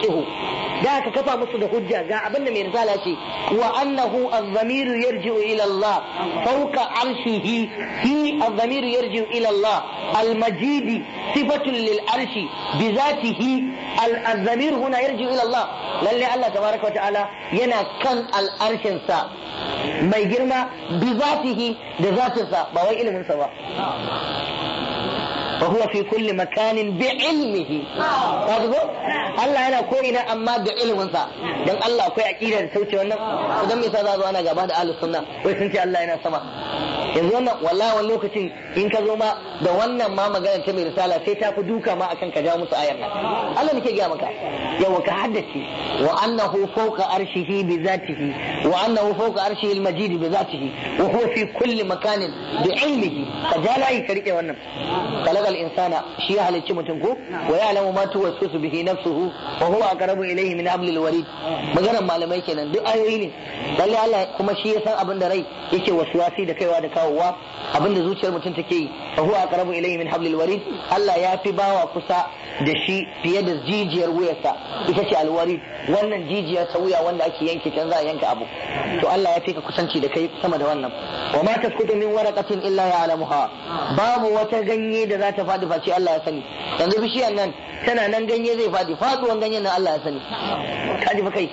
fiqhu da aka kafa musu da hujja ga abin da mai risala ce wa annahu az-zamir yarji'u ila Allah fawqa arshihi fi az-zamir yarji'u ila Allah al-majid sifatun lil arshi bi zatihi al-zamir huna yarji'u ila Allah lalle Allah tabaraka wa ta'ala yana kan al-arshin sa mai girma bi zatihi da zatinsa ba wai ilimin sa ba fa huwa fi kulli makanin bi ilmihi ka dubo Allah yana ko ina amma da ilimin sa dan Allah akwai aqida da sauce wannan idan me yasa za zo ana gaba da ahlus sunna wai sun ce Allah yana sama yanzu wannan wallahi wani lokacin in ka zo ma da wannan ma magana ta mai risala sai ta fi duka ma akan ka ja musu ayar nan Allah nake gaya maka yawa ka haddace wa annahu fawqa arshihi bi zatihi wa annahu fawqa arshihi al-majid bi zatihi wa huwa fi kulli makanin bi ilmihi ka ja layi ka rike wannan khalaqal insana shi ya halicci mutum ko wa ya'lamu ma tuwaswisu bihi nafsuhu wa huwa aqrabu ilayhi min hablil warid maganar malamai kenan duk ayoyi ne lalle Allah kuma shi ya san abin da rai yake waswasi da kaiwa da kawowa abin da zuciyar mutum take yi wa huwa aqrabu ilayhi min hablil warid Allah ya fi bawa kusa da shi fiye da jijiyar wuyarsa ita ce alwarid wannan jijiyar ta wuya wanda ake yanke can za a yanka abu to Allah ya fi ka kusanci da kai sama da wannan wa ma tasqutu min waraqatin illa ya'lamuha babu wata ganye da za ta faɗi face Allah ya sani yanzu bishiyar nan tana nan ganye zai faɗi faɗuwan ganye nan Allah ya sani ka ji kai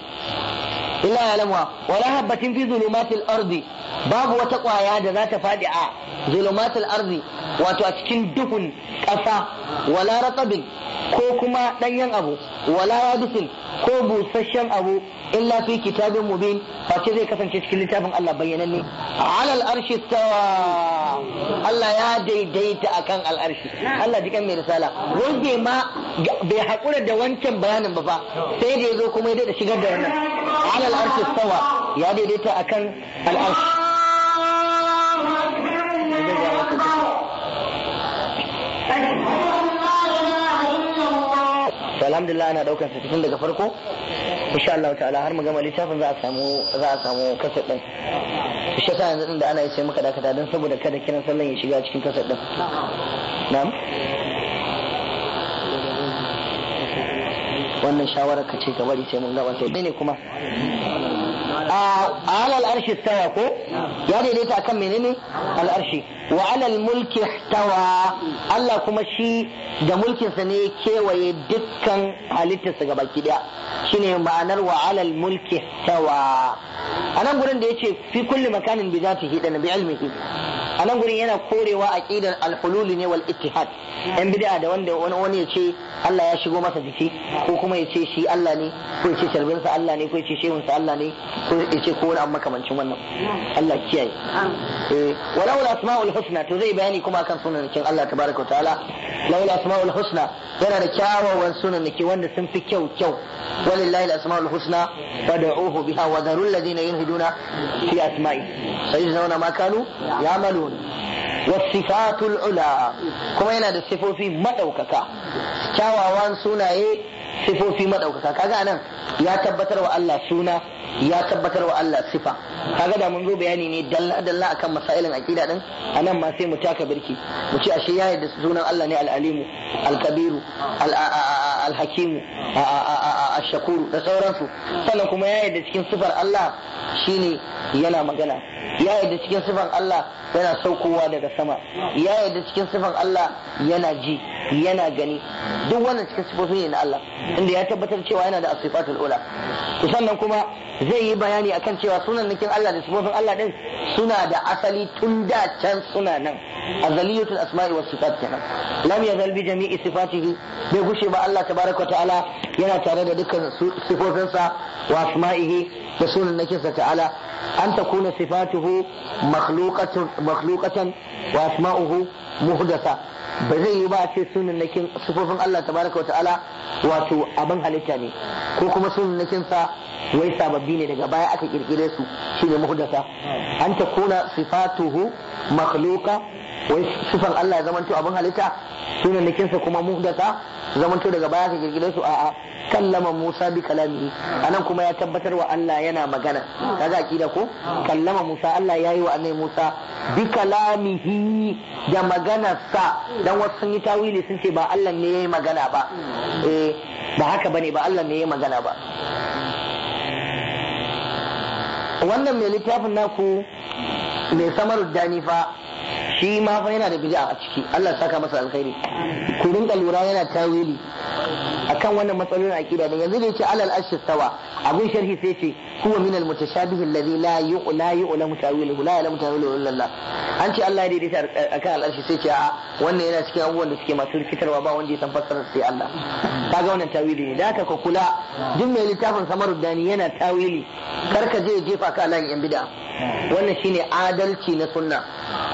illa ya'lamuha wala habatin fi zulumatil ardi babu wata kwaya da za ta fadi a zulumatil ardi wato a cikin duhun ƙasa wala ratabin ko kuma ɗanyen abu wala yabisin ko busasshen abu illa fi kitabin mubin face zai kasance cikin littafin Allah bayyananne alal arshi tawa Allah ya daidaita akan al arshi Allah jikan mai risala wanda ma bai hakura da wancan bayanin ba fa sai da yazo kuma ya da shigar da wannan alal al'arshi sawa ya daidaita أكن al'arshi alhamdulillah ana daukar sa tun daga farko insha Allah ta'ala har mu gama littafin za a samu za a samu kasar din shi yasa yanzu din da ana yi sai muka dakata dan saboda kada kiran sallan ya shiga cikin kasar din na'am wannan shawarar ka ce ka bari sai mun gabata ne kuma a alal arshi tawa ko ya daidaita akan menene al arshi wa alal mulki tawa Allah kuma shi da mulkin mulkinsa ne kewaye dukkan halittarsa ga baki daya shine ma'anar wa alal mulki tawa anan gurin da yace fi kulli makanin bi zatihi da bi ilmihi a nan gurin yana korewa aqidar al-hulul ne wal ittihad yan bid'a da wanda wani wani ya ce Allah ya shigo masa jiki ko kuma ya ce shi Allah ne ko ya ce sharbin sa Allah ne ko ya ce shehun sa Allah ne ko ya ce ko wani amma kamancin wannan Allah kiyaye eh Wala wala asmaul husna to zai bayani kuma akan sunanakin Allah tabaraka wa ta'ala laul asmaul husna yana da kyawawan sunan sunanaki wanda sun fi kyau kyau walillahi al-asmaul husna fad'uhu biha wa dharul ladina yulhiduna fi asma'i sai zauna ma ya ya'malu jalilun wasifatul ula kuma yana da sifofi madaukaka kyawawan sunaye sifofi madaukaka kaga anan ya tabbatar wa Allah suna ya tabbatar wa Allah sifa kaga da mun zo bayani ne dalla dalla akan masailan aqida din anan ma sai mu taka birki mu ce ashe ya da sunan Allah ne al-alimu al-kabiru al-hakimu al-shakuru da sauransu sannan kuma ya da cikin sifar Allah shine yana magana ya da cikin sifar Allah yana saukowa daga sama ya da cikin sifar Allah yana ji yana gani duk wannan cikin sifofi ne na Allah inda ya tabbatar cewa yana da asifatul ula sannan kuma zai yi bayani akan cewa sunan nakin Allah da sifofin Allah din suna da asali tun da can suna nan azaliyatul asma'i was sifat kenan lam yazal bi jami'i sifatihi bai gushe ba Allah tabaraka ta'ala yana tare da dukkan sifofinsa wa asma'ihi da sunan nakin sa ta'ala an takuna sifatuhu makhluqatan makhluqatan wa asma'uhu muhdatha ba zai yi ba a ce sunan nakin sifofin Allah tabaraka ta'ala wato abin halitta ne ko kuma sunan nakin sa wai sababbi bid'o'i ne daga baya aka kirkire su shine muhdasa an ta kuna sifatuhu makhluqa wai sifan Allah ya zamanto abin halitta sunanikinsa kuma muhdasa zamanto daga baya aka kirkire su a'a kallama Musa bi kalamihi anan kuma ya tabbatar wa Allah yana magana kaga akida ko kallama Musa Allah yayi wa annabi Musa bi kalamihi da sa dan wasu sun yi tawili sun ce ba Allah ne yayi magana ba eh ba haka bane ba Allah ne yayi magana ba wannan mai littafin naku mai samar da fa shi ma fa yana da bid'a a ciki Allah saka masa alkhairi ku rinka lura yana tawili akan wannan matsalolin aqida da yanzu da yace alal ashir sawa abun sharhi sai ce huwa min al mutashabih alladhi la yu'la yu'la mutawiluhu la ya'lamu tawiluhu illa Allah an ce Allah ya daidaita akan al arshi sai ce a wannan yana cikin abubuwan da suke masu rikitarwa ba wanda ya san fassarar sai Allah kaga wannan tawili ne da haka ka kula duk mai littafin samaruddani yana tawili kar ka je jefa ka layin yan bid'a wannan shine adalci na sunna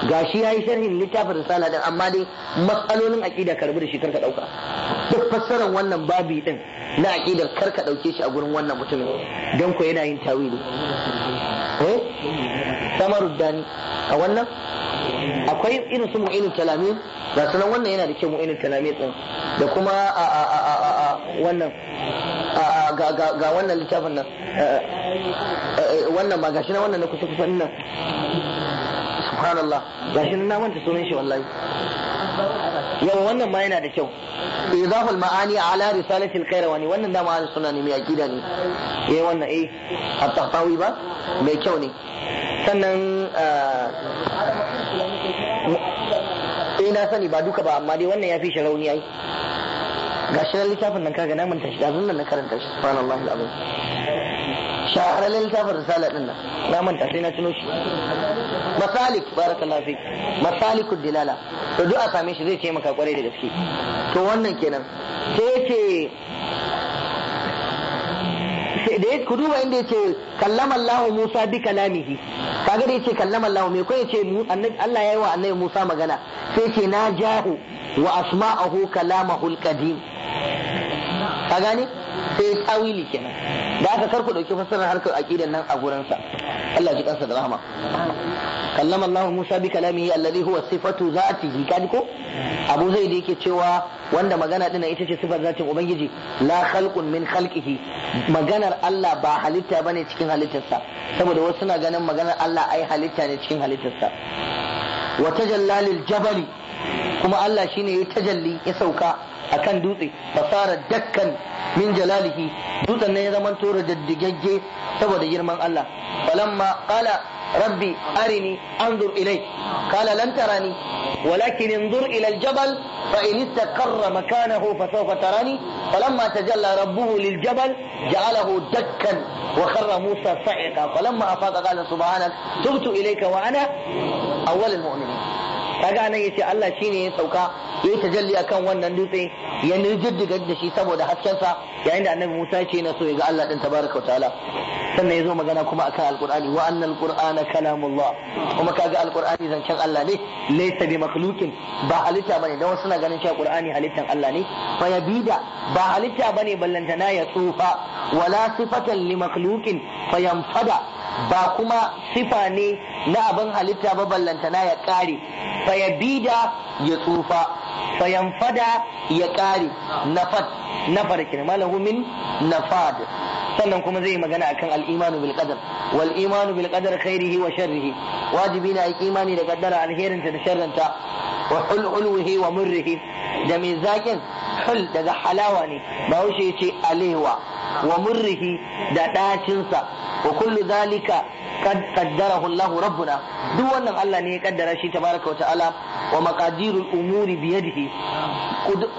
ga shi ya yayi sharhin littafin risala din amma dai matsalolin aqida karbi da shi karka dauka duk fassarar wannan babi din na aqidar karka dauke shi a gurin wannan mutumin dan ko yana yin tawili eh dani a wannan akwai irin su mu'inin talamin ga sunan wannan yana da kyau mu'inin talamin din da kuma a a a a a wannan ga wannan littafin nan eh, eh, wannan ma gashi na wannan na kusa kusa nan subhanallah gashi na manta sunan shi wallahi Yau wannan ma yana da kyau idaful ma'ani ala risalatil khairawani wannan da ma'ani suna ne mai akida ne eh wannan eh at-tahtawi ba mai kyau ne sannan eh, eh na sani ba duka ba amma dai wannan ya fi shi rauni ai ga shi littafin nan kaga na manta shi dazun nan na karanta shi subhanallahi alazim shahararren littafin risala din nan na manta sai na tuno shi masalik barakallahu fik dilala to duk a same shi zai taimaka kwarai da gaske to wannan kenan sai ce. da ku duba inda yace kallama Allah Musa bi kalamihi kaga da yace kallama Allah me ko yace Allah yayi wa annabi Musa magana sai yace na wa asma'ahu kalamahu alqadim ka ne. sai tawili kenan da aka karku dauki fassarar harkar aqidan nan a gurin sa Allah ji kansa da rahama kallama Allah Musa bi kalamihi alladhi huwa sifatu zatihi kadi ko Abu Zaid yake cewa wanda magana dina ita ce sifar zatin ubangiji la khalqun min khalqihi maganar Allah ba halitta bane cikin halittarsa saboda wasu suna ganin maganar Allah ai halitta ne cikin halittarsa wa tajallalil jabali kuma Allah shine ya tajalli ya sauka akan dutse fasara dakkan min jalalihi dutsen ne ya zama to radaddigagge saboda girman Allah falamma qala rabbi arini anzur ilai qala lan tarani walakin anzur ila aljabal fa in istaqarra الجبل fa sawfa tarani فسوف tajalla rabbuhu liljabal ja'alahu dakkan wa kharra musa موسى صعقا afaqa qala subhanak tubtu ilayka wa ana awwalul mu'minin kaga nan yace Allah shine ya sauka yayi tajalli akan wannan dutse ya nirjiddiga da shi saboda hasken sa yayin da annabi Musa yace na so ya ga Allah din tabaraka taala sannan yazo magana kuma akan alqur'ani wa annal qur'ana kalamullah kuma kaga alqur'ani zancen Allah ne laysa bi makhluqin ba halitta bane dan wasu na ganin cewa qur'ani halittan Allah ne fa yabida ba halitta bane ballantana ya tsufa wala sifatan li makhluqin fayanfada ba kuma sifa ne na abin halitta ba ballantana ya kare fayabida ya tsufa fayanfada ya ƙare nafad nafar kenan malahu min nafad sannan kuma zai magana akan al-imanu bil qadar wal imanu bil qadar khairihi wa sharrihi wajibi na imani da a alherinta da ta wa hulhulwihi wa murrihi da mai zakin hul daga halawa ne ba wuce yace alewa wa murrihi da ɗacinsa wa kullu zalika قد قدره الله ربنا duk wannan Allah ne ya kaddara shi tabaraka wa ta'ala wa maqadirul umuri bi yadihi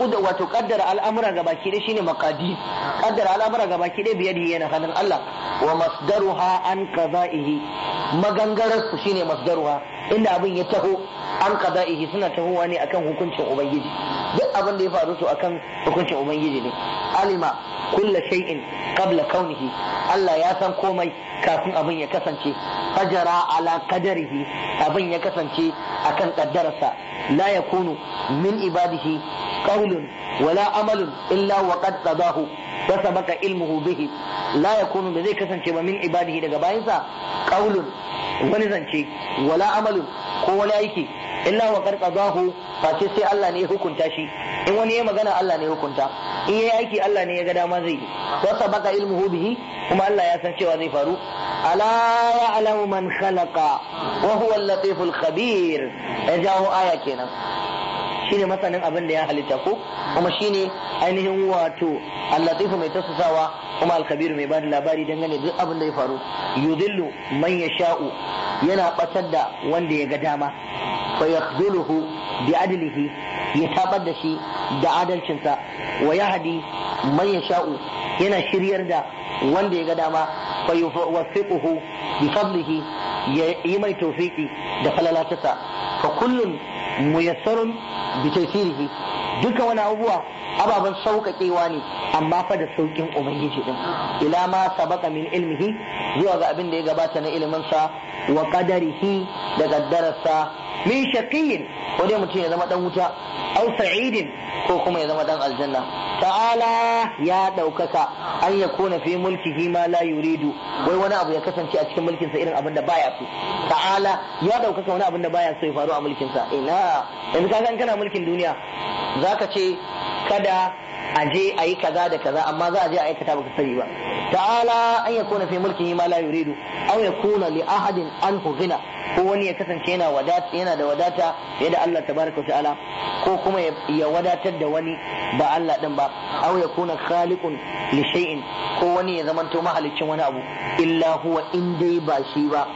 wato kaddara al'amura ga baki dai shine maqadir kaddara al'amura ga baki dai bi yadihi yana hannun Allah wa masdaruha an qada'ihi shine masdaruha inda abin ya taho an qada'ihi suna tahowa ne akan hukuncin ubangiji duk abin da ya faru su akan hukuncin ubangiji ne alima kulla shay'in qabla kaunihi Allah ya san komai kafin abin ya kasance fajara ala qadarihi abin ya kasance akan kaddararsa la yakunu min ibadihi qawlun wala amalun illa wa qad qadahu wa sabaka ilmuhu bihi la yakunu da zai kasance ba min ibadihi daga bayansa qaulun wani zance wala amalun ko wani aiki illa wa qad face sai Allah ne ya hukunta shi in wani ya magana Allah ne ya hukunta in yayi aiki Allah ne ya ga dama zai yi wa sabaka ilmuhu bihi kuma Allah ya san cewa zai faru ala ya'lamu man khalaqa wa huwa al-latiful khabir ya jawo aya kenan shine masanin abin da ya halitta ko kuma shine ainihin wato al-latif mai tasasawa kuma al alkabiru mai bada labari dangane duk abin da ya faru yudillu man yasha'u yana batar da wanda ya ga dama fa yakhdhuluhu bi adlihi ya tabar da shi da adalcinsa wa yahdi man yasha'u yana shiryar da wanda ya ga dama fa yuwaffiquhu bi fadlihi ya yi mai tawfiqi da falalata fa kullun ميسر بتيسيره duka wani abubuwa ababen sauƙaƙewa ne amma fa da sauƙin ubangiji din ila ma sabaka min ilmihi zuwa ga abin da ya gabata na ilimin sa wa qadarihi da darasa min shaqiyin ko dai mutum ya zama dan wuta aw sa'idin ko kuma ya zama dan aljanna ta'ala ya ɗaukaka an ya fi mulkihi ma la yuridu wai wani abu ya kasance a cikin mulkinsa irin abin da baya so ta'ala ya ɗaukaka wani abin da baya so ya faru a mulkinsa ina yanzu ka san kana mulkin duniya za za ka ce kada a je a yi kaza da kaza amma za a je a aikata baka sani ba ta'ala an ya kona fi mulkihi ma la yuridu aw yakuna li ahadin an ghina ko wani ya kasance yana wadata yana da wadata ya da Allah tabaraka ta'ala ko kuma ya wadatar da wani ba Allah din ba aw yakuna khaliqun li shay'in ko wani ya zamanto mahalicin wani abu illa huwa in dai ba shi ba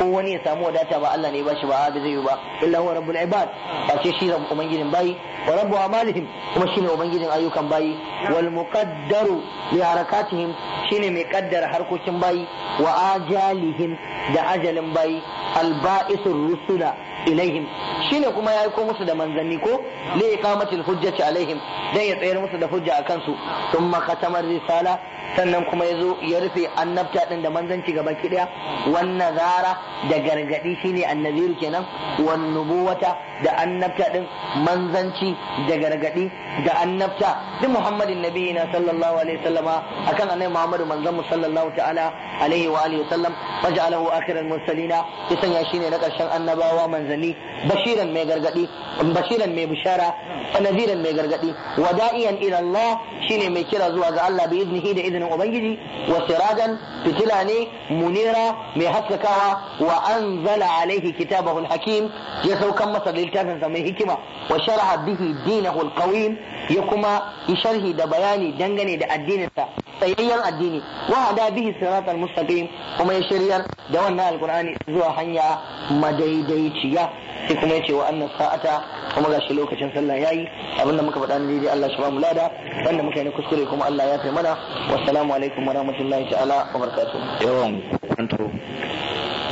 ko wani ya samu wadata ba Allah ne ba shi ba ba zai yi ba illa huwa rabbul ibad ba ce shi ubangijin bayi wa rabbu amalihim kuma shine ubangijin ayyukan bayi wal muqaddaru li harakatihim shine mai kaddara harkokin bayi wa ajalihim da ajalin bayi al ba'isur rusula ilaihim shine kuma ya aiko musu da manzanni ko li iqamatil hujjati alaihim dan ya tsayar musu da hujja akan su thumma khatamar risala sannan kuma yazo ya rufe annabta din da manzanci gaba ki daya wan nazara da gargadi shine annazir kenan wan nubuwata da annabta din manzanci da gargadi da annabta duk muhammadin nabiyina sallallahu alaihi wasallama akan annabi muhammadu manzon mu sallallahu ta'ala alaihi wa alihi wasallam waja'alahu akhiral mursalina yasan sanya shine na karshen annabawa manzanni manzanni bashiran mai gargadi bashiran mai bishara wa nadiran mai gargadi wa da'iyan ila Allah shine mai kira zuwa ga Allah bi idnihi da iznin ubangiji wa sirajan fitila ne munira mai haskakawa wa anzala alaihi kitabahu alhakim ya saukan masa littafin sa mai hikima wa sharaha bihi dinahu alqawim ya kuma yi sharhi da bayani dangane da addinin sa tsayayyen addini wa hada bihi siratal mustaqim kuma ya shiryar da wannan alqur'ani zuwa hanya madaidaiciya sai kuma yace wa annas sa'ata kuma gashi lokacin sallah yayi abinda muka faɗa ne dai Allah shi ba mu lada wanda muka yi kuskure kuma Allah ya Wa wassalamu alaikum warahmatullahi ta'ala wa barakatuh yawan kanto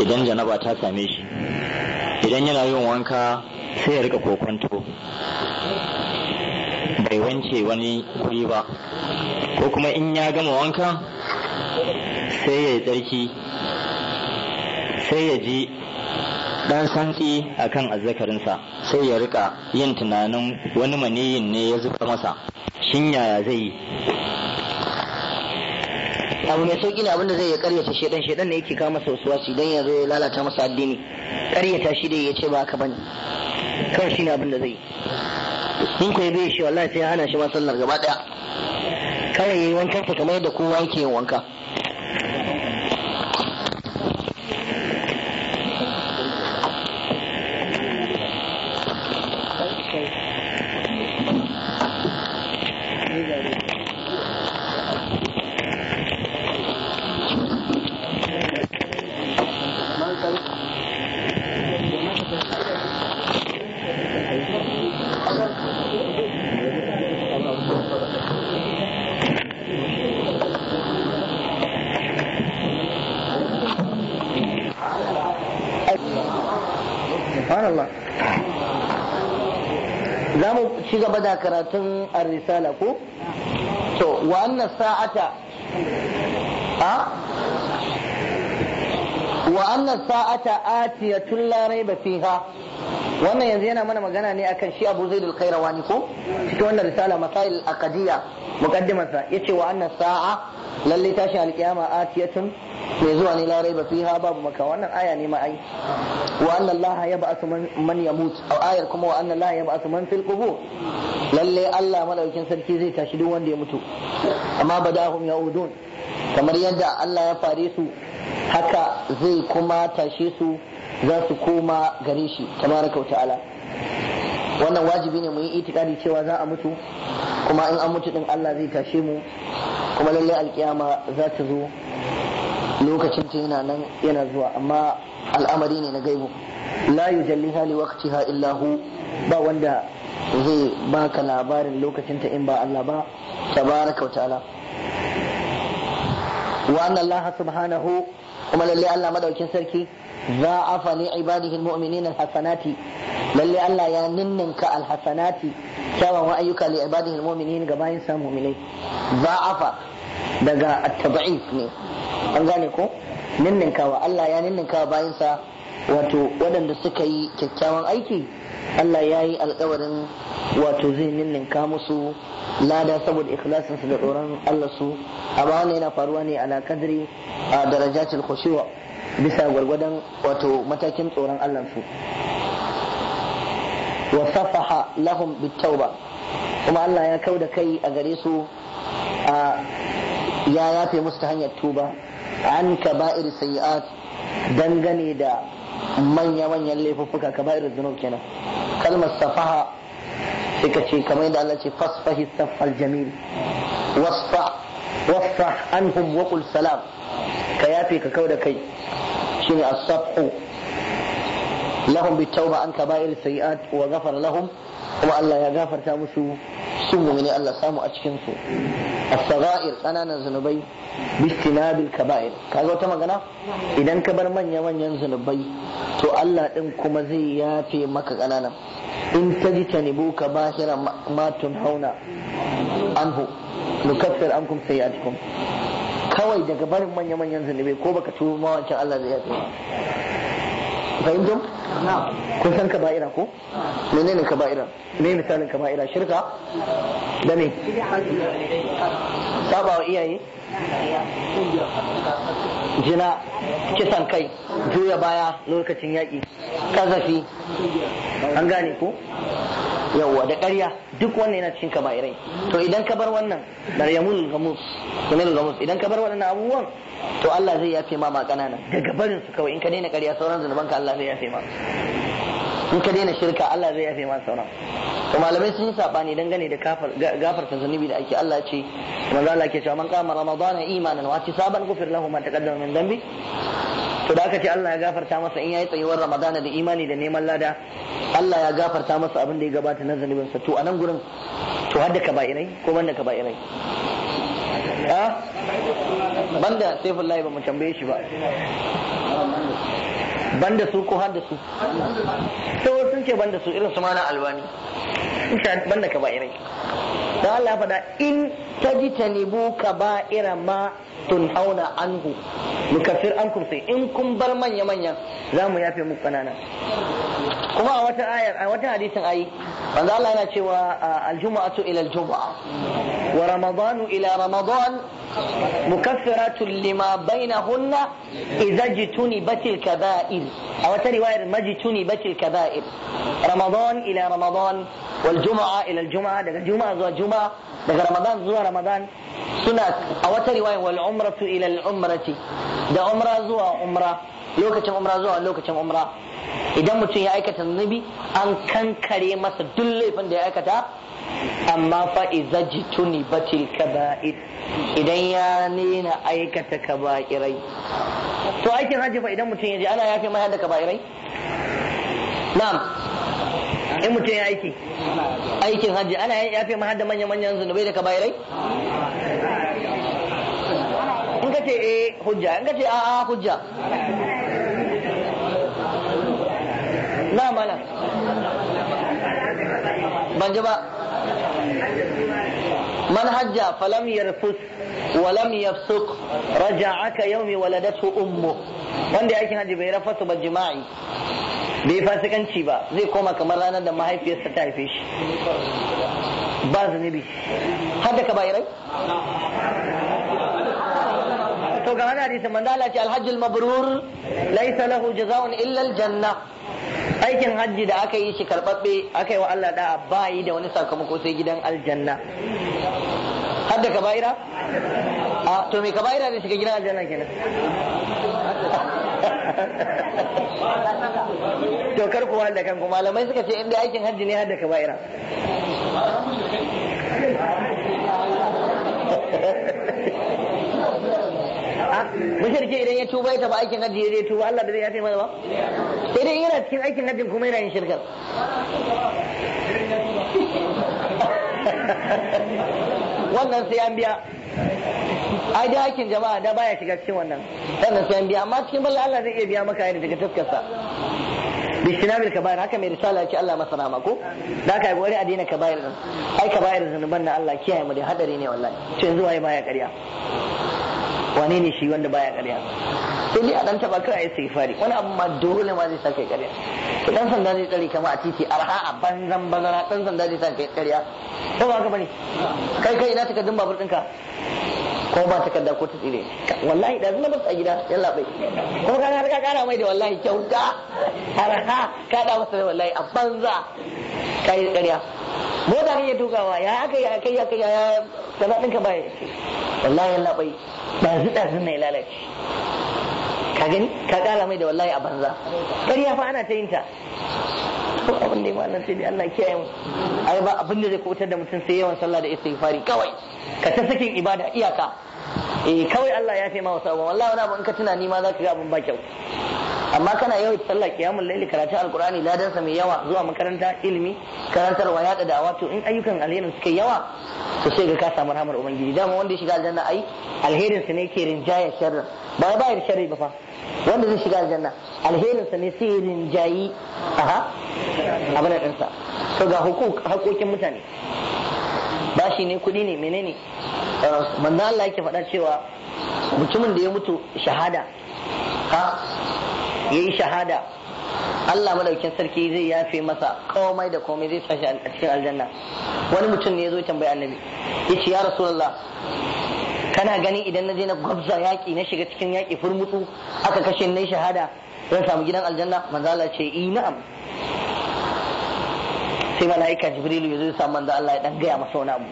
idan janaba ta same shi idan yana yin wanka sai ya rika kokonto bai wanke wani kuri ba ko kuma in ya gama wanka sai ya yi tsarki sai ya ji ɗan santsi a kan azzakarinsa sai ya rika yin tunanin wani maniyin ne ya zuba masa shin yaya zai yi abu mai sauƙi ne abinda zai ya karyata shedan shedan ne yake kama masa su don ya zai ya lalata masa addini karyata shi dai ya ce ba haka bane kawai shine abinda zai in ko bai shi wallahi sai hana shi ma sallar gaba daya kawai yayi wankan sa kamar yadda kowa yake yin wanka gwada karatun ar-risala ko to wa anna sa'ata a wa anna sa'ata atiyatun la raiba fiha wannan yanzu yana mana magana ne akan shi Abu Zaid al-Khairawani ko cikin wannan risala masail aqdiyya muqaddimarsa ya wa anna sa'a lalle tashi alkiyama atiyatun mai zuwa ne larai ba ha babu maka wannan aya ne ma ai ya ba a yab'athu man mutu a ayar kuma wa ya ya a man fil kubu lalle Allah madaukin sarki zai tashi duk wanda ya mutu amma ba da badahum yaudun kamar yadda Allah ya fare su haka zai kuma tashe su za su koma gare shi tabaraka wa ta'ala wannan wajibi ne mu yi itikadi cewa za a mutu kuma in an mutu din Allah zai tashe mu kuma lalle alkiyama za ta zo lokacin ta yana nan yana zuwa amma al'amari ne na gaibu la yujalliha li waqtiha illa hu ba wanda zai baka labarin lokacin ta in ba Allah ba tabaraka wa ta'ala wa anna Allah subhanahu kuma lalle Allah madaukin sarki za'afa li ibadihi almu'minina alhasanati lalle Allah ya ninninka alhasanati kyawawan ayyuka li ibadihi almu'minin ga bayin sa mu'minai za'afa daga at-tad'if ne an gane ko ninninkawa Allah ya ninninkawa bayansa wato waɗanda suka yi kyakkyawan aiki Allah ya yi alkawarin wato zai ninninka musu lada saboda su da tsoron Allah su amma wannan yana faruwa ne ala kadri a darajatul khushuwa bisa gwargwadon wato matakin tsoron Allah su wa safaha lahum bitauba kuma Allah ya kauda kai a gare su a ya yafe musu ta hanyar tuba an kaba'ir sayyi'at dangane da manya-manyan laifuffuka kaba'ir zunub kenan kalmar safaha sai ka ce kamar yadda Allah ce fasfahi safal jamil wasfa wasfa anhum wa qul salam ka yafe ka kauda kai shine as-safhu lahum bitawba an kaba'ir sayyi'at wa ghafara lahum kuma Allah ya gafarta musu sun ne Allah samu a cikin su as-sagair kananan zunubai bistinabil kaba'ir kaga wata magana idan ka bar manya manyan zunubai to Allah ɗin kuma zai yafe maka kananan in ta tajtanibu kabahira ma tunhauna anhu nukaffir ankum sayi'atikum kawai daga barin manya manyan zunubai ko baka tuba wancan Allah zai yafe fahimtum kun san kaba'ira ko menene kaba'ira me misalin kaba'ira shirka da me saba wa iyaye jina kisan kai juya baya lokacin yaƙi ƙazafi an gane ku yawwa da ƙarya duk wannan yana cikin kaba'irai to idan ka bar wannan daryamul gamus gamus idan ka bar wannan abubuwan to Allah zai yafe ma ma ƙanana, daga barin su kawai in ka daina ƙarya sauran zunuban ka Allah zai yafe ma in ka daina shirka Allah zai yafe masa sauran to malamai sun yi sabani dangane da gafarta zunubi da ake Allah ce manzo Allah ke cewa man qama ramadana imanan wa tisaban gufir lahu ma taqaddama min dambi to da aka ce Allah ya gafarta masa in yayi tsayuwar Ramadana da imani da neman lada Allah ya gafarta masa abin da ya gabata na zanubin sa to anan gurin to har da kaba'irai ko banda kaba'irai a banda sai ba mu tambaye shi ba banda su ko har da su to wasu sun ce banda su irin su mana albani in banda ka ba irai dan Allah faɗa in tajtanibu kaba'ira ma tunhauna anhu nukaffir ankum sai in kun bar manya manya za mu yafe muku kanana kuma a wata ayar a wata hadisin ayi manzo Allah yana cewa aljum'atu ila aljum'a wa ramadanu ila ramadan mukaffiratun lima bainahunna idza jituni batil kaba'ir a wata riwayar majituni batil kaba'ir ramadan ila ramadan wal Juma'a, ila aljum'a daga Juma'a zuwa Juma'a, daga ramadan zuwa ramadan suna a wata riwaya wal umratu ila al umrati da umra zuwa umra lokacin umra zuwa lokacin umra idan mutum ya aikata zunubi an kankare masa duk laifin da ya aikata amma fa iza jituni batil kaba'ir idan ya nena aikata kaba'irai to aikin hajji fa idan mutum ya je ana yafe mai da kaba'irai na'am in mutum ya aiki aikin hajji ana yafe ma hadda manya manyan zunubai da kabairai in ka ce eh hujja in ka ce a'a hujja na mana ban ji ba من هج فلم يرفث ولم suk, رجع aka yaumi waladatu ummu wanda yake hajji bai rafasu ba jima'i bai fasikanci ba zai koma kamar ranar da mahaifiyarsa ta haife shi ba zunubi har da kabairai to ga wani hadisin manzo Allah ce alhajjul mabrur laysa lahu jazaun illa aljanna aikin hajji da aka yi shi karbabbe aka yi wa Allah da ba yi da wani sakamako sai gidan aljanna har da kabaira a to me kabaira ne shiga gidan aljanna kenan dokar kuma da kanku malamai suka ce inda aikin hajji ne hadda kaba'ira mushirki ah, idan ya tuba ya ba aikin hajji zai tuba Allah da zai yafe mana ba sai dai yana cikin aikin hajji kuma yana yin shirkar wannan sai an biya ai da hakin jama'a da baya shiga cikin wannan sannan sai an biya amma cikin balla Allah zai iya biya maka yana daga tafkarsa bishinabil kabair haka mai risala yake Allah masa rahama ko da haka wani a daina kabair din ai kabair zanuban na Allah kiyaye mu da hadari ne wallahi to yanzu waye baya ƙarya wane ne shi wanda baya ƙarya sai dai a dan taba kai fari. wani abu ma dole ma zai sa kai ƙarya to dan sanda zai tsare kama a titi arha a banzan bazara dan sanda zai sa kai ƙarya ko ba ka bane kai kai ina taka dumba burdinka ko ba takarda ko ta tsire wallahi da zuma a gida yalla bai ko kana da ka mai da wallahi kyauta haraka ka da masa da wallahi a banza kai mu da ne ya tukawa ya aka ya kai ya kai ya kaza din ka bai wallahi yalla bai ba su da sun ne lalace ka gani ka kala mai da wallahi a banza kariya fa ana ta yin ta ko abin da ya ma'ana sai dai Allah kiyaye mu ai ba abin da zai kubutar da mutum sai yawan sallah da istighfari kawai ka ta sakin ibada iyaka eh kawai Allah ya taimaka wa sabon wallahi wani abu in ka tuna ni ma zaka ga abin ba kyau amma kana yau sallah kiyamul laili karatu alqur'ani ladan sa mai yawa zuwa makaranta ilimi karantarwa da dawa to in ayyukan alherin suka yawa to sai ga ka samu rahmar ubangiji dama wanda ya shiga aljanna ai alherin sa ne yake rinjaya sharrin ba ba ya sharri ba fa wanda zai shiga aljanna alherin sa ne sai rinjayi aha abin din sa to ga hukuk hakokin mutane bashi ne kuɗi ne menene manzo Allah yake faɗa cewa mutumin da ya mutu shahada ha yayi shahada Allah madaukin sarki zai yafe masa komai da komai zai tashi a cikin aljanna wani mutum ne ya zo tambaya annabi Ya ce ya rasulallah kana ganin idan na je na gwabza yaƙi na shiga cikin yaƙi furmutsu aka kashe yi shahada zan samu gidan aljanna manzo Allah ce i eh, na'am sai mala'ika jibrilu ya zo ya samu manzo Allah ya dan gaya masa wani abu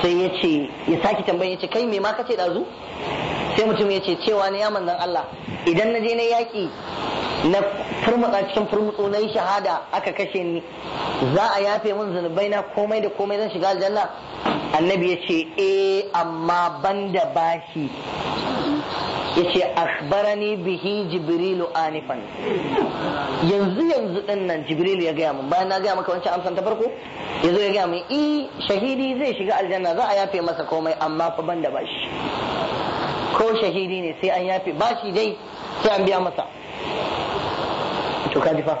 sai ya ce ya sake tambayin ya ce kai me ma kace dazu sai mutum ya ce cewa ne ya manzan Allah idan na je na yaƙi na furmutsa cikin furmutsu na yi shahada aka kashe ni za a yafe mun zunubai na komai da komai zan shiga aljanna annabi ya ce e amma banda bashi ya ce akhbarani bihi jibrilu anifan yanzu yanzu din nan jibrilu ya gaya min bayan na gaya maka wancan amsan ta farko ya ya gaya mun i eh, shahidi zai shiga aljanna za a yafe masa komai amma fa banda bashi ko shahidi ne sai an yafe ba shi dai sai an biya masa to ka ji fa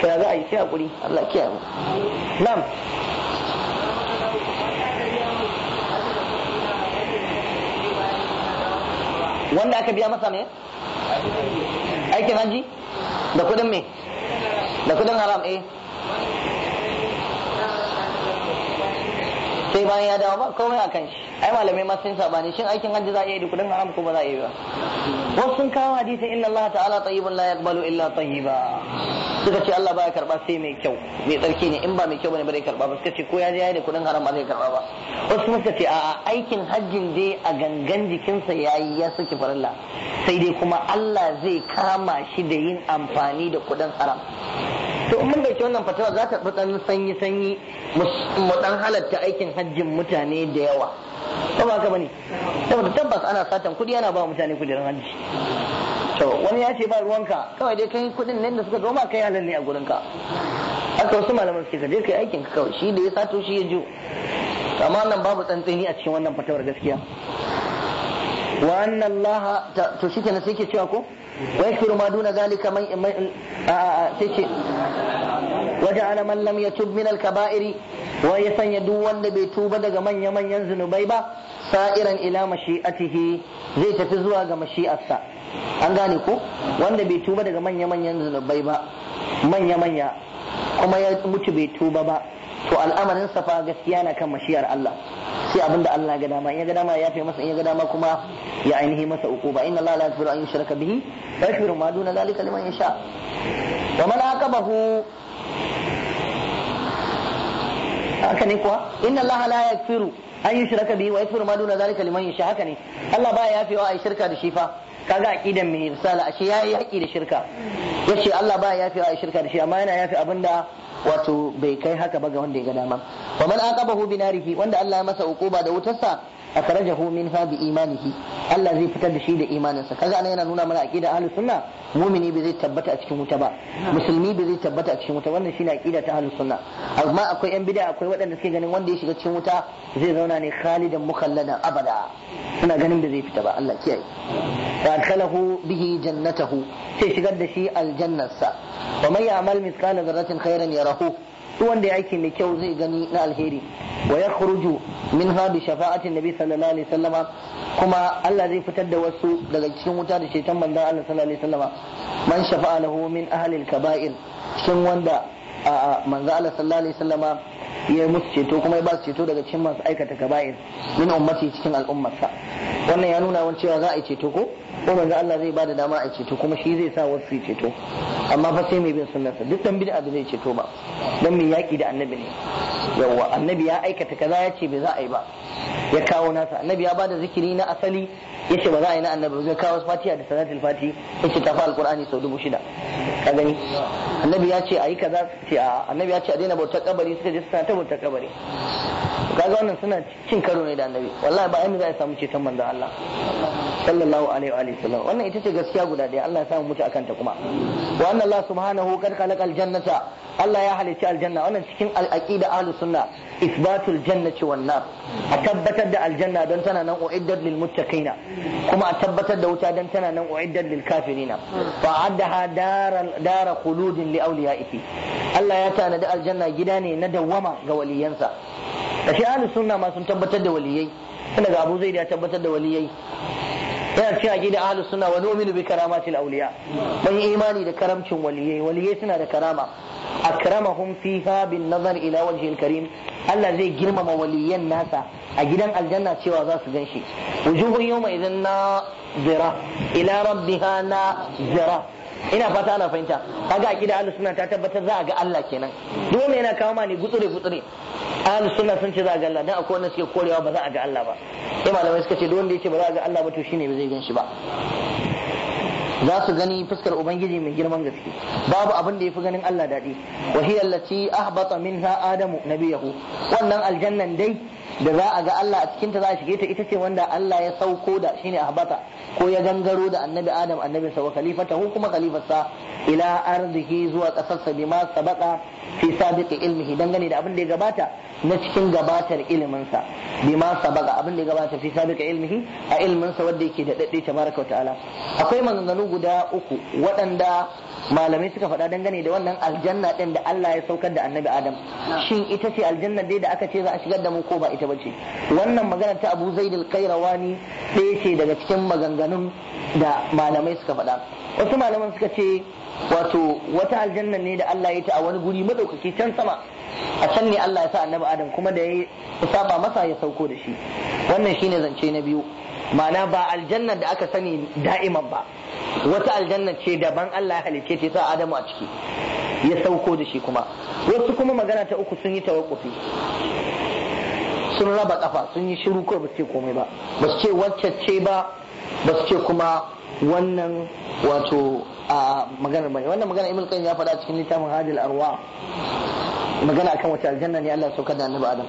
sai za a yi sai hakuri Allah kiyaye mu na'am wanda aka biya masa ne aikin hanji da kudin me da kudin haram eh sai bayan ya dawo ba komai akan shi ai malamai ma sun sabani shin aikin hajji za a iya da kudin haram ko ba za a iya ba wasu sun kawo hadisi inna Allah ta'ala tayyibun la yaqbalu illa tayyiba suka ce Allah baya karba sai mai kyau mai tsarki ne in ba mai kyau bane ba zai karba ba suka ce ko ya je yayi da kudin haram ba zai karba ba wasu kuma suka ce a'a aikin hajjin dai a gangan jikinsa yayi ya saki farilla sai dai kuma Allah zai kama shi da yin amfani da kudin haram to mun ce wannan fatawa za ta fi dan sanyi-sanyi mu dan halatta aikin hajjin mutane da yawa ba ba ka bane saboda tabbas ana satan kuɗi ana ba mutane kuɗin hajji to wani ya ce ba ruwanka kawai dai kai kuɗin nan da suka zo ma kai halan ne a gurin ka haka wasu malaman suke ka je kai aikin ka kawai shi da ya sato shi ya jo amma nan babu tsantseni a cikin wannan fatawar gaskiya wa anna allaha to kenan sai ke cewa ko ويكفر ما دون ذلك من, من وجعل من لم يتب من الكبائر ويسن يدون بيتوب دغ من يمن ينزل بيبا سائرا الى مشيئته zai tafi zuwa ga mashi'arsa an gane ko wanda bai tuba daga manya-manyan zunubai ba manya-manya kuma ya mutu bai tuba ba to al'amarin safa gaskiya na kan mashiyar Allah sai abinda Allah ga dama in ya ga dama ya fi masa in ya ga dama kuma ya ainihi masa uku uquba inna Allah la yaghfiru an yushraka bihi wa yaghfiru ma duna dhalika liman yasha wa man aqabahu haka ne kuwa inna Allah la yaghfiru an yushraka bihi wa yaghfiru ma duna dhalika liman yasha haka ne Allah ba ya yafi wa ai shirka da shi fa kaga aqidan mai risala ashe yayi yaki da shirka yace Allah ba fi a shirka da shi amma yana yafi abinda wato bai kai haka ba ga wanda ya ga dama wa man aqabahu binarihi wanda Allah ya masa uquba da wutarsa akhrajahu minha bi imanihi Allah zai fitar da shi da imaninsa kaga anan yana nuna mana aqida ahlus sunna mumini bai zai tabbata a cikin wuta ba musulmi bai zai tabbata a cikin wuta wannan shine aqida ta ahlus sunna amma akwai yan bid'a akwai waɗanda suke ganin wanda ya shiga cikin wuta zai zauna ne khalidan mukhalladan abada suna ganin da zai fita ba Allah kiyaye fa adkhalahu bihi jannatahu sai shigar da shi aljannarsa wa man ya'mal mithqala dharratin khairan yarahu duk wanda ya aiki mai kyau zai gani na alheri wa yakhruju min hadi shafa'atin nabi sallallahu alaihi wasallam kuma Allah zai fitar da wasu daga cikin wuta da shaitan manzon Allah sallallahu alaihi wasallam man shafa'a lahu min ahli al-kaba'ir cikin wanda manzon Allah sallallahu alaihi wasallam ya yi musu ceto kuma ya ba su ceto daga cikin masu aikata kaba'ir min ummati cikin al'ummarsa wannan ya nuna wani cewa za a yi ceto ko ko manzo Allah zai ba da dama a ceto kuma shi zai sa wasu su ceto amma fa sai mai bin sunnarsa duk dan bid'a ba zai ceto ba dan mai yaki da annabi ne yawa annabi ya aikata kaza ya ce bai za a yi ba ya kawo nasa annabi ya bada zikiri na asali yace ba za a yi na annabi zai kawo fatiha da salatul fati yace ta fa alqur'ani sau dubu shida ka gani annabi ya ce a yi kaza ce a annabi ya ce a daina bautar kabari suka je suna ta bautar kabari kaga wannan suna cin karo ne da annabi wallahi ba inda za a samu ceton manzon Allah sallallahu alaihi wa alihi sallam wannan ita ce gaskiya guda ɗaya Allah ya samu mutu akan ta kuma wa anna Allah subhanahu kad khalaqa jannata Allah ya halicci aljanna wannan cikin al-aqida ahlus sunna isbatul jannati wan nar a tabbatar da aljanna don tana nan uiddat lil muttaqina kuma a tabbatar da wuta don tana nan uiddat lil kafirina fa addaha daral dara khuludin li awliyaihi Allah ya tanadi aljanna gida ne na dawwama ga waliyansa shi ahli sunna ma sun tabbatar da waliyai inda ga Abu Zaid ya tabbatar da waliyai yana cikin aqida ahli sunna wa nu'minu bi karamatil awliya mun yi imani da karamcin waliyai waliyai suna da karama akramahum fiha bin nazar ila wajhil karim Allah zai girmama waliyan nasa a gidan aljanna cewa za su ganshi wujuhun yawma idan na zira ila rabbiha na zira ina fata ana fahimta kaga akida ahlus sunna ta tabbatar za a ga Allah kenan duk yana kawo ma ne gutsure gutsure ahlus sunna sun ce za a ga Allah dan akwai wanda suke korewa ba za a ga Allah ba sai malamai suka ce duk wanda yace ba za a ga Allah ba to shine ba zai gan shi ba za su gani fuskar ubangiji mai girman gaske babu abin da ya fi ganin Allah daɗi wa hiya allati ahbata minha adamu nabiyahu wannan aljannan dai da za a ga Allah a cikin ta za a shige ta ita ce wanda Allah ya sauko da shine ahbata ko ya gangaro da annabi Adam annabi sa wa khalifatahu kuma khalifarsa ila ardihi zuwa kasarsa bima sabaka fi sabiqi ilmihi dangane da abin da ya gabata na cikin gabatar ilimin sa bima sabaka abin da ya gabata fi sabiqi ilmihi a ilmin sa wanda yake da dadde ta wa ta'ala akwai maganganu guda uku waɗanda malamai suka faɗa dangane da wannan aljanna ɗin da Allah ya saukar da annabi Adam shin ita ce aljanna dai da aka ce za a shigar da mu ko ba ita ba ce wannan magana ta Abu Zaid al-Qayrawani ɗaya ce daga cikin maganganun da malamai suka faɗa wasu malaman suka ce wato wata aljanna ne da Allah ya ta a wani guri madaukaki can sama a can ne Allah ya sa annabi Adam kuma da ya saba masa ya sauko da shi wannan shine zance na biyu ma'ana ba aljanna da aka sani da'iman ba wata aljanna ce daban Allah ya halicce ta sa Adamu a ciki ya sauko da shi kuma wasu kuma magana ta uku sun yi tawakkufi sun raba kafa sun yi shiru ko ba su ce komai ba ba su ce wacce ce ba ba su ce kuma wannan wato a maganar bane wannan magana Ibn Qayyim ya faɗa cikin littafin Hadil Arwa magana akan wace aljanna ne Allah saukar da annabi Adam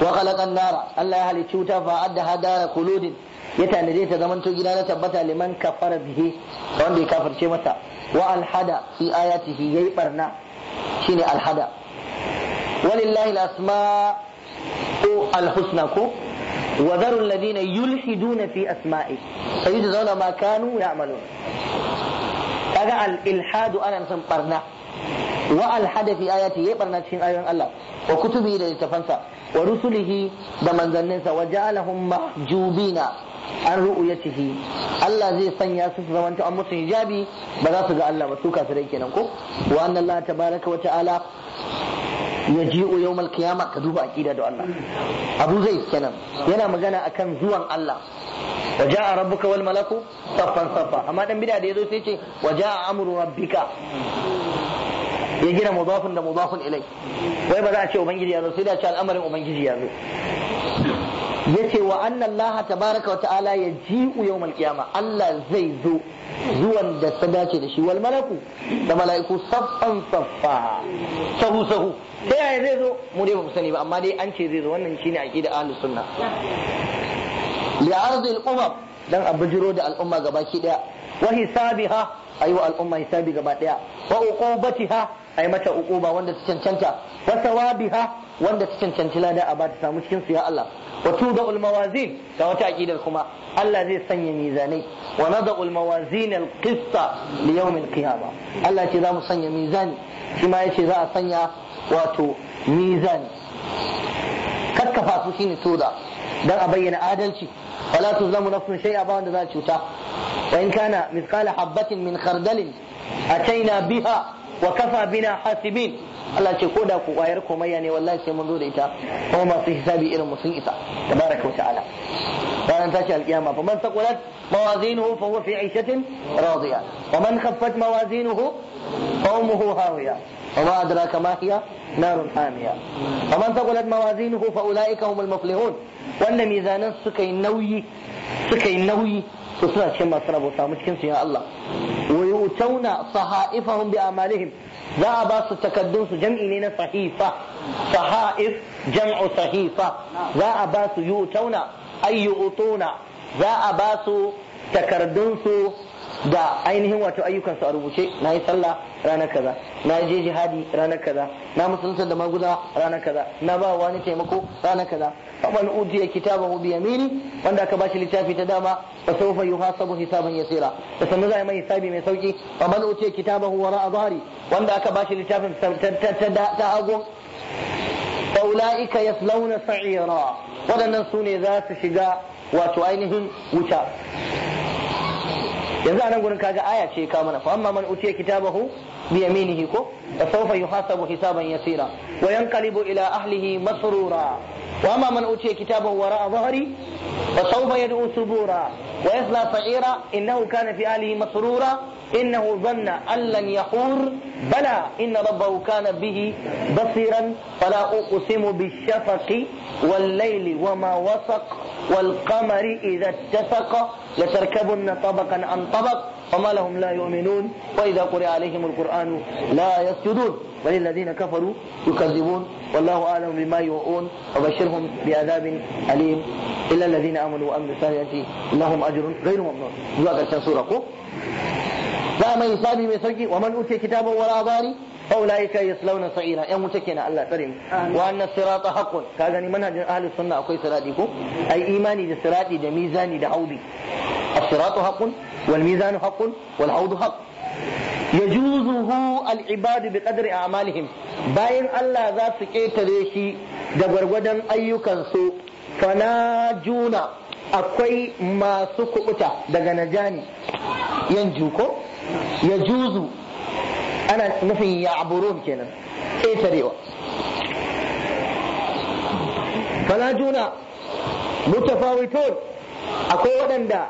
wa khalaqan nara Allah ya halicci wuta fa adda hadara kuludin ya tanade ta zaman to gida na tabbata liman kafara bihi wanda ya kafirce mata wa alhada fi ayatihi yayi barna shine alhada walillahi alasma alhusna ko wa dharu alladhina yulhiduna fi asma'i sayyidu zauna ma kanu ya'malun kaga al ilhadu ana san barna wa alhada fi ayati ya barna cikin ayoyin Allah wa kutubi da littafansa wa rusulihi da manzanninsa wa ja'alahum mahjubina an ru'yatihi Allah zai sanya su su zamanta an musu hijabi ba za su ga Allah ba su rai kenan ko wa anna Allah tabaraka wa ta'ala ya yau yawmal qiyama ka duba aqida da Allah Abu zai kenan yana magana akan zuwan Allah wa ja'a rabbuka wal malaku saffan saffa amma dan bid'a da yazo sai ce wa ja'a amru rabbika ya gina mudafin da mudafin ilai wai ba za a ce ubangiji ya zo sai da ce al'amarin ubangiji ya zo yace wa anna Allah tabaraka wa ta'ala jiu yawmal qiyama Allah zai zo zuwan da ta dace da shi wal malaku da mala'iku saffan saffa sahu sahu Sai yaya zai zo mu dai ba mu sani ba amma dai an ce zai zo wannan shine aqida ahlus sunna li ardi al umam dan a bijiro da al'umma gabaki daya wa hisabiha ayi wa al'umma hisabi gaba daya wa uqubatiha yi mata ba wanda ta cancanta wa wabiha wanda ta cancanci lada a ba ta samu cikin su ya Allah wa tuda'ul ulmawazin ga wata aqidar kuma Allah zai sanya mizanai wa nada'ul mawazin al-qista li yawm al-qiyamah Allah ce za mu sanya mizani shi ma yace za a sanya wato mizani kakkafa su shine tuda dan a bayyana adalci wala tuzlamu nafsun shay'a ba wanda za cuta wa in kana mithqala habatin min khardalin ataina biha وكفى بنا حاسبين الله تقول لك ويركو ما يعني والله سيمون دون إتاب وما في حسابي إلى المسيء تبارك وتعالى قال أن تشهى القيامة فمن ثقلت موازينه فهو في عيشة راضية ومن خفت موازينه قومه هاوية وما أدراك ما هي نار حامية ومن ثقلت موازينه فأولئك هم المفلحون وأن ميزان سكي النوي سكي النوي سسرة شما سربو سامتكين سيا الله وي yu'tawna sahaifahum bi amalihim za a ba su takaddun su jam'i ne na sahifa sahaif jam'u sahifa za a ba su yu'tawna ay yu'tuna za a ba su da ainihin wato ayyukansu a rubuce na yi sallah ranar kaza na je jihadi ranar kaza na musulunta da maguza ranar kaza na ba wani taimako ranar kaza faman utiya mu biya yamini wanda aka bashi littafi ta dama fa sawfa yuhasabu hisaban yasira da sannu za a mai hisabi mai sauki faman utiya kitabahu wara dhahri wanda aka bashi littafin ta hagu faulaika launa sa'ira wadannan su ne za su shiga wato ainihin wuta yanzu anan gurin kaga aya ce ka mana fa amma man utiya kitabahu بيمينه كو فسوف يحاسب حسابا يسيرا وينقلب إلى أهله مسرورا وأما من أوتي كتابه وراء ظهري فسوف يدعو سبورا ويصلى سعيرا إنه كان في أهله مسرورا إنه ظن أن لن يحور بلى إن ربه كان به بصيرا فلا أقسم بالشفق والليل وما وسق والقمر إذا اتسق لتركبن طبقا عن طبق وما لهم لا يؤمنون وإذا قرئ عليهم القرآن لا يسجدون بل الذين كفروا يكذبون والله أعلم بما يوؤون وبشرهم بعذاب أليم إلا الذين آمنوا وأمنوا الصالحات لهم أجر غير ممنون zuwa ƙarshen sura ko za mai hisabi mai sauki wa man uke أولئك يصلون سعيرا يا متكنا الله كريم وأن الصراط حق كذا منهج أهل السنة أكوي صراطكم أي إيماني بالصراط ده ميزاني ده عودي الصراط حق والميزان حق والحوض حق yajuzuhu al'ibadu bi qadri a'malihim bayan Allah za su ƙetare shi da gwargwadon ayyukansu juna akwai masu kubuta daga najani yan juko ya juzu ana nufin ya aburun kenan ƙetarewa fanajuna mutafawitun akwai waɗanda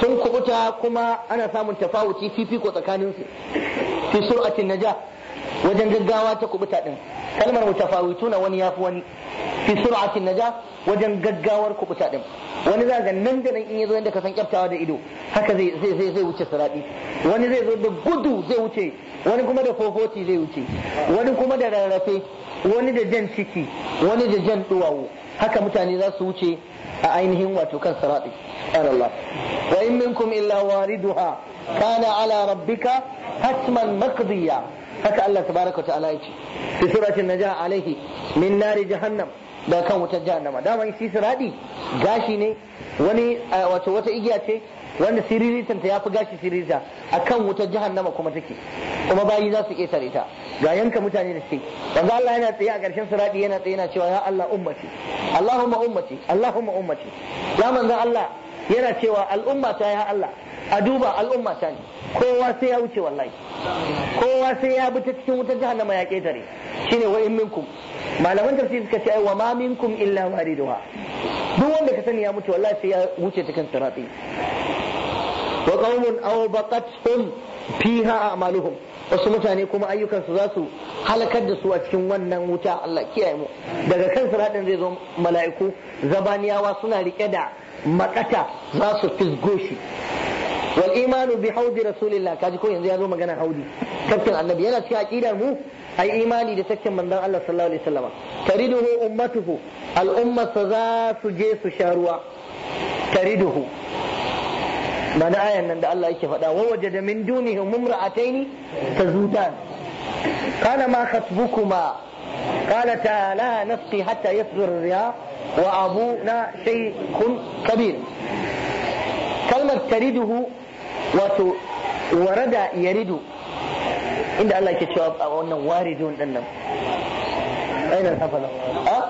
sun kubuta kuma ana samun tafawuci fifiko tsakaninsu fi sur'atin naja wajen gaggawa ta kubuta din kalmar na wani yafi wani fi sur'atin naja wajen gaggawar kubuta din wani za ga nan da nan in yazo inda ka san kyaftawa da ido haka zai zai zai wuce saradi wani zai zo da gudu zai wuce wani kuma da fofoti zai wuce wani kuma da rarrafe wani da jan ciki wani da jan duwawu haka mutane za su wuce a ainihin wato kan sirati Allah wa in minkum illa wariduha kana ala rabbika hatman maqdiya haka Allah tabaraka ta'ala yace fi suratin najah alaihi min nari jahannam da kan wutar jahannama dama shi siradi gashi ne wani eh, wato wata igiya ce wanda siriritanta ya yafi gashi siririta a kan wutar jahannama kuma take kuma bayi za su ƙetare ta ga yanka mutane da shi wanda Allah yana tsaye a ƙarshen sirati yana tsaye yana cewa ya Allah ummati Allahumma ummati Allahumma ummati ya manzon Allah yana cewa al'umma ta ya Allah a duba al'umma ta ne kowa sai ya wuce wallahi kowa sai ya bi ta cikin wutar jahannama ya ketare shine wa in minkum malaman tafsir suka ce ai wa ma minkum illa wariduha duk wanda ka sani ya mutu wallahi sai ya wuce ta kan sirati wa qaumun aw baqathum fiha a'maluhum wasu mutane kuma ayyukansu za su halakar da su a cikin wannan wuta Allah kiyaye mu daga kan siratin zai zo mala'iku zabaniyawa suna rike da makata za su fisgo shi wal imanu bi haudi rasulillah kaji ko yanzu ya zo magana haudi tafkin annabi yana cikin aqidar mu ai imani da tafkin manzon Allah sallallahu alaihi wasallam tariduhu ummatuhu al ummatu za su je su sharuwa tariduhu ba na ayan nan da Allah yake faɗa wa waje da min dunihi mumra'ataini tazutan kana ma khasbukuma قال لا نسقي حتى يصدر الرياء وأبونا شيخ كبير كلمة تريده ورد يرد عند الله كتشوف أو أنه واردون أنه أين الحفلة أه؟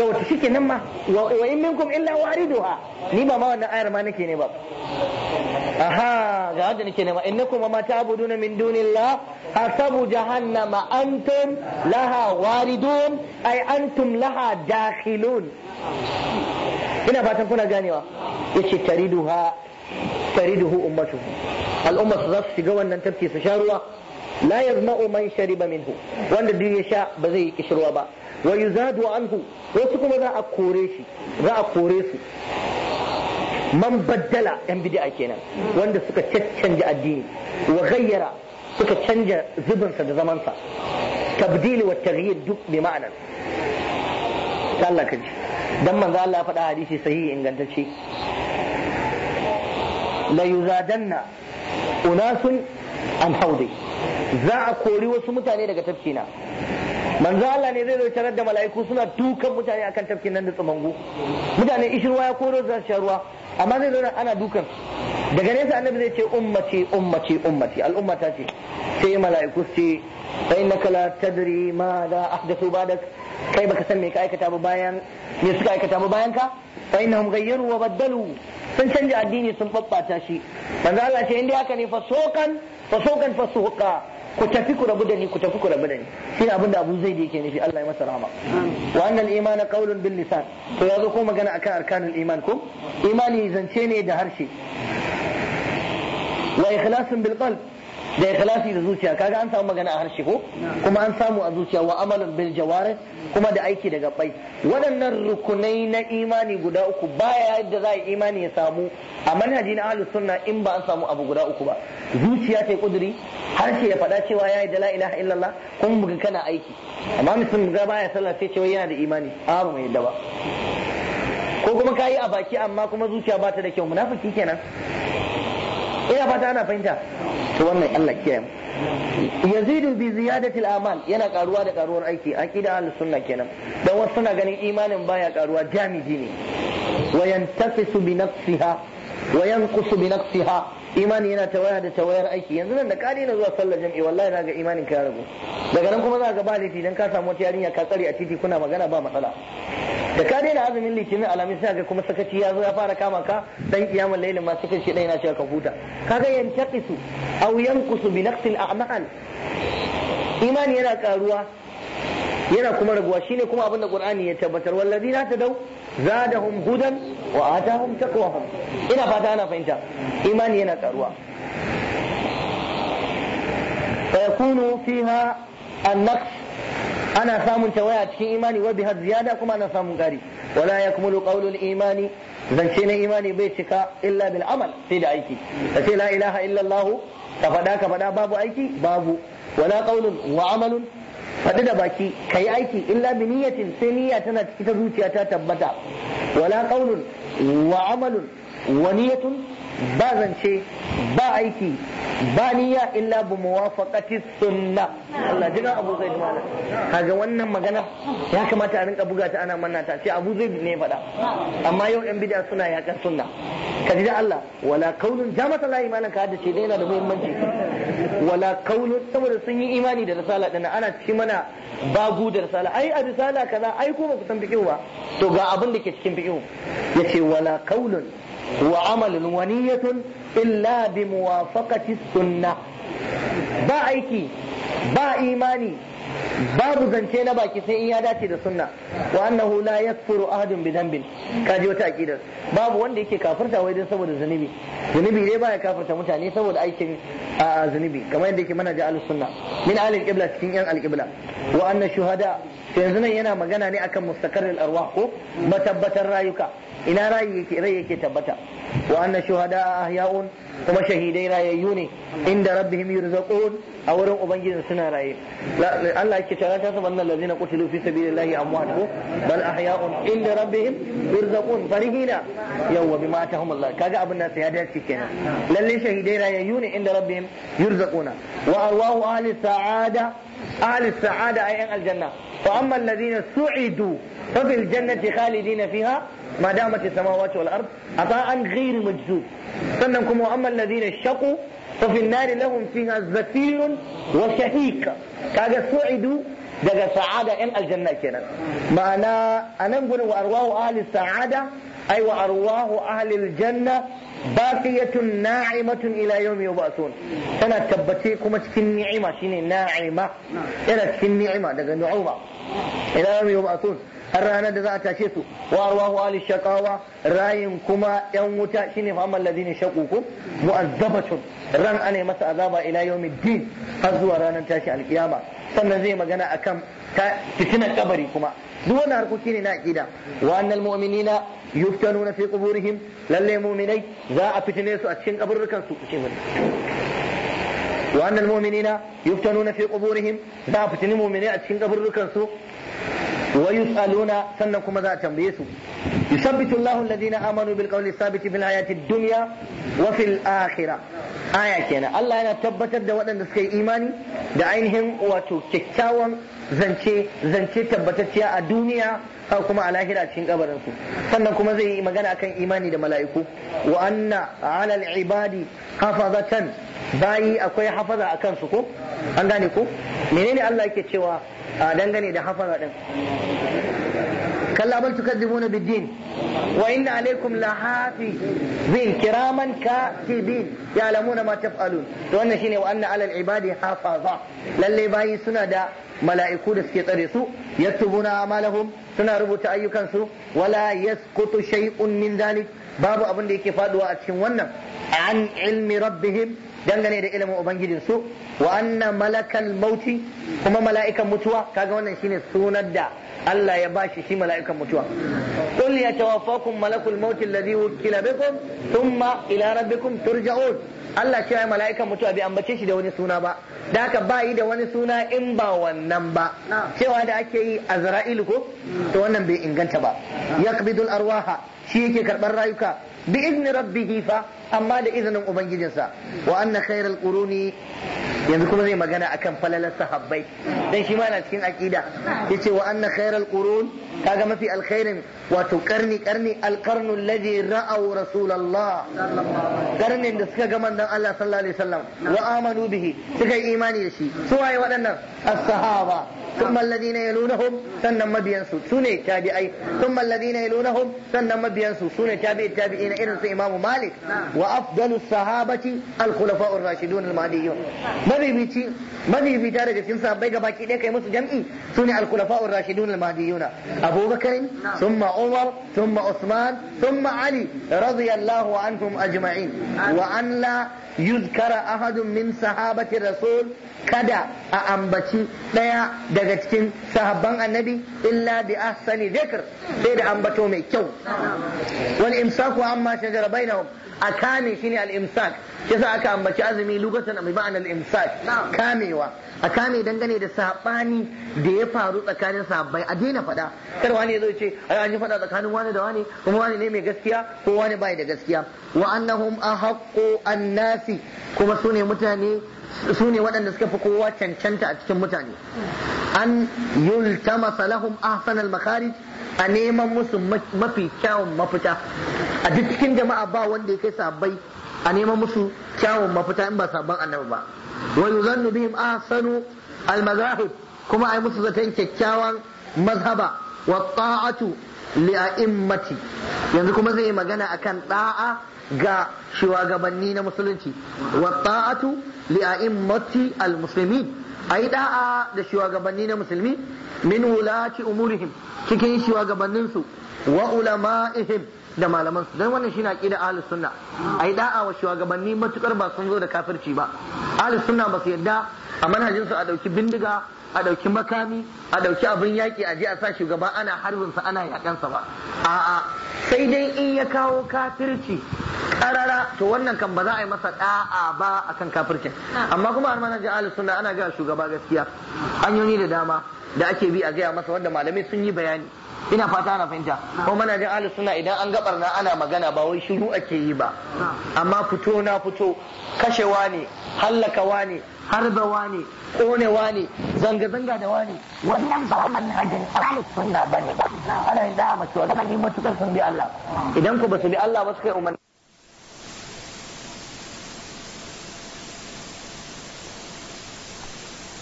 لو تشكي نما وإن منكم إلا واردها نبا ما أنا أعرف ما نكي نبا aha ga wanda nake nema innakum ma ta'buduna min dunillah hasabu jahannama antum laha waridun ay antum laha dakhilun ina fatan kuna ganewa yace tariduha tariduhu ummatu al'umma su za su shiga wannan tafki su sha ruwa la yazma'u man shariba minhu wanda duk ya sha ba zai yi kishirwa ba wa yuzadu anhu wasu kuma za a kore shi za a kore su man baddala yan a kenan wanda suka caccanja addini wa gayyara suka canja zubinsa da zamansa tabdili wa taghyir duk mai ma'anar Allah ji dan Allah faɗa hadisi sahihi ingantacce la yuzadanna unasun an haudi za a kori wasu mutane daga tafkina manzo Allah ne zai tarar da mala'iku suna dukan mutane akan tafkin nan da tsumangu mutane ishirwa ya koro za sharuwa? ruwa amma zai zo ana dukan daga nesa annabi zai ce ummati ummati ummati al'umma ta ce sai mala'iku ce fa innaka la tadri ma da ahdathu ba'dak kai baka san me ka aikata ba bayan me suka aikata ba bayan ka fa innahum ghayyaru wa baddalu sun canja addini sun babbata shi manzo Allah ce inda haka ne fa sokan fa sokan fa ku tafi ku rabu da ni ku tafi ku rabu da ni shine abin da Abu Zaid yake nufi Allah ya masa rahama wa annal imana qawlun bil lisan to yazo ko magana akan arkanul iman ko imani zance ne da harshe wa ikhlasun bil qalb da ikhlasi da zuciya kaga an samu magana a harshe ko kuma an samu a zuciya wa amalan bil jawari kuma da aiki daga bai? waɗannan rukunai na imani guda uku baya yadda za a imani ya samu a manhaji na ahlus sunna in ba an samu abu guda uku ba zuciya ta kuduri harshe ya faɗa cewa yi da la ilaha illallah kuma buga kana aiki amma mutum ga baya sallah sai cewa yana da imani a ba mai yadda ba ko kuma kayi a baki amma kuma zuciya ba ta da kyau munafiki kenan ina fata ana fahimta to wannan Allah kiyaye yazidu bi ziyadati al-amal yana karuwa da karuwar aiki aqida ahlus sunna kenan dan wasu suna ganin imanin baya karuwa jamiji ne wa yantafisu bi nafsiha wa yanqusu bi nafsiha imani yana tawaya da tawayar aiki yanzu nan da ka daina zuwa sallar jam'i wallahi na ga imanin ka ragu daga nan kuma za ga ba laifi dan ka samu wata yarinya ka tsare a titi kuna magana ba matsala da ka daina azumin litinin alamis sai ga kuma sakaci ya zo ya fara kama ka dan kiyamul lailin ma suka shi dai na cewa ka huta kaga yantaqisu aw yanqusu bi naqsin a'mal imani yana karuwa yana kuma raguwa shine kuma abin da qur'ani ya tabbatar ta dau. zadahum hudan wa atahum taqwahum ina fata ana fahimta imani yana karuwa fa yakunu fiha an-naqs ana samun tawaya cikin imani wa biha ziyada kuma ana samun kari wala yakmulu qawlul imani zance na imani bai cika illa bil amal sai da aiki kace la ilaha illa allah ka faɗa ka babu aiki babu wala qawlun wa amalun faɗi da baki ka yi aiki illa bi niyyatin sai niyya tana ciki ta zuciya ta tabbata wala qaulun wa amalun wa niyyatun ba zance ba aiki ba niyya illa bi muwafaqati sunna Allah jira Abu Zaid mana kaga wannan magana ya kamata a rinka buga ta ana manna ta sai Abu Zaid ne faɗa amma yau yan bid'a suna yakan sunna kaji da Allah wala qaulun jama'ata la imanan ka ce dai yana da muhimmanci wala kaulun saboda sun yi imani da risala dana ana ci mana bagu da risala ai a risala kaza ai ko baku san fiqh ba to ga abin da ke cikin fiqh yace wala kaulun wa amalun wa niyyatun illa bi muwafaqati sunnah ba aiki ba imani babu zance na baki sai in ya dace da sunna wa annahu la yakfuru ahadun bi dhanbin kaji wata akida babu wanda yake kafirta wai dan saboda zunubi zunubi dai baya kafirta mutane saboda aikin zunubi kamar yadda yake mana da sunna min al qibla cikin yan qibla wa anna shuhada yanzu nan yana magana ne akan mustaqarril arwah ko matabbatar rayuka ina rayi yake rayi yake tabbata وأن الشهداء أحياء kuma shahidai rayayyu ne inda rabbihim yurzaqun a wurin ubangijin suna raye Allah yake cewa ta saban nan lazina qutilu fi sabilillahi amwat ko bal ahya'un inda rabbihim yurzaqun farihina yawwa bima tahum Allah kaga abin nan ya dace kenan lalle shahidai rayayyu wa arwahu ahli sa'ada ahli sa'ada ay yan aljanna wa amma alladhina su'idu fa fil jannati khalidina fiha ma damat as-samawati wal ard ata'an ghayr majzub sannan kuma wa amma alladhina shaqu fa fil nari lahum fiha zafirun wa kaga su'idu daga sa'ada yan aljanna kenan ma'ana anan gurin wa arwahu ahli sa'ada ay wa arwahu ahli aljanna baqiyatun na'imatun ila yawmi yub'athun tana tabbace kuma cikin ni'ima shine na'ima yana cikin ni'ima daga nu'uma ila yawmi yub'athun har ranar da za a tashe su wa arwahu ali shaqawa rayin kuma yan wuta shine fa amma alladhina shaqukum mu'azzabatun ran ana masa azaba ila yawmi din har zuwa ranar tashi alkiyama sannan zai magana akan ta fitinar kabari kuma duk wannan harkoki ne na aqida wa annal mu'minina yuftanuna fi quburihim lalle mu'minai za a fitine su a cikin kaburrukan su ce mun wa annal mu'minina yuftanuna fi quburihim za a fitini mu'minai a cikin kaburrukan su wa yus'aluna sannan kuma za a tambaye su yusabbitu Allahu alladhina amanu bil qawli thabiti fil hayati dunya wa fil aya kenan Allah yana tabbatar da waɗanda suka yi imani da ainihin wato kyakkyawan zance zance tabbatacciya a duniya haka kuma a lahira cikin kabarin sannan kuma zai yi magana akan imani da mala'iku wa anna 'ala ibadi hafazatan bayi akwai hafaza a kansu ko an gane ko menene Allah yake cewa a dangane da hafaza din كلا بل تكذبون بالدين وإن kiraman لحافظين كراما كاتبين يعلمون ما تفعلون to wannan shine wa anna alal ibadi hafaza lalle bayi suna da mala'iku da suke tsare su yattubuna amalahum suna rubuta ayyukansu wala yasqutu shay'un min dhalik babu abin da yake faduwa a cikin wannan an ilmi rabbihim dangane da ilimin ubangijin su wa anna malakal mauti kuma mala'ikan mutuwa kaga wannan shine sunar da Allah ya bashi shi mala'ikan mutuwa qul tawaffakum malakul mauti alladhi wukila bikum thumma ila rabbikum turja'un Allah shi ya mala'ikan mutuwa bai ambace shi da wani suna ba da haka ba yi da wani suna in ba wannan ba cewa da ake yi azra'ilu ko to wannan bai inganta ba yaqbidul arwaha shi yake karɓar rayuka bi izni rabbihi fa amma da izinin ubangijinsa wa anna khairal quruni yanzu kuma zai magana akan falalar sahabbai dan shi ma na cikin aqida yace wa anna khairal qurun kaga mafi alkhairin wato karni karni alqarnu alladhi ra'aw rasulullah Karni da suka ga manzon Allah sallallahu alaihi wasallam wa amanu bihi suka yi imani da shi su waye waɗannan as-sahaba ثم الذين يلونهم سنن مبيانسو سنة تابعي ثم الذين يلونهم سنن مبيانسو سنة تابع التابعين إرس إمام مالك وأفضل الصحابة الخلفاء الراشدون المهديون mabibici mabibita daga cikin sahabbai ga baki ɗaya kai musu jam'i sune al-khulafa'ur rashidun al-mahdiyun abubakar thumma Umar thumma usman thumma Ali radiyallahu anhum ajma'in wa an la yuzkara ahadun min sahabati rasul kada a ambaci ɗaya daga cikin sahabban annabi illa bi ahsani dhikr sai da ambato mai kyau wal imsaku amma shajara bainahum akani shine al imsak yasa aka ambaci azumi lugatan bi ma'anar imsak kamewa a kame dangane da sabani da ya faru tsakanin sabbai a daina faɗa kar wani ya zo ce ai an yi faɗa tsakanin wani da wani kuma wani ne mai gaskiya ko wani bai da gaskiya wa annahum ahqqu annasi kuma sune mutane su ne waɗanda suka fi kowa cancanta a cikin mutane an yultamasa lahum ahsan al-makharij a neman musu mafi kyawun mafita a duk cikin jama'a ba wanda ya kai sabai a neman musu kyawun mafita in ba sabban annabi ba wa yuzannu bihim ahsanu al kuma ai musu zaton kyakkyawan mazhaba wa ta'atu li a'immati yanzu kuma zai magana akan da'a ga shugabanni na musulunci wa ta'atu li a'immati al-muslimin ai da'a da shugabanni na musulmi min wulati umurihim cikin shugabanninsu wa ulama'ihim da malaman su don wannan shine aqida ahlus sunna ai da'a wa shugabanni matukar ba sun zo da kafirci ba ahlus sunna ba su yadda a manhajin su a dauki bindiga a dauki makami a dauki abin yaki a je a sa shugaba ana harbin sa ana yakan sa ba a'a sai dai in ya kawo kafirci karara to wannan kan ba za a yi masa da'a ba akan kafirci amma kuma a manhajin ahlus sunna ana ga shugaba gaskiya hanyoyi da dama da ake bi a gaya masa wanda malamai sun yi bayani ina fata ana fahimta ko manajin ahlus sunna idan an gabar na ana magana ba wai shiru ake yi ba amma fito na fito kashewa ne hallakawa wani harba wani kone wani zanga zanga da wani wannan ba manajin ahlus sunna bane ana yin da mace wanda ne mutukar sun bi Allah idan ku ba su bi Allah ba su kai umarni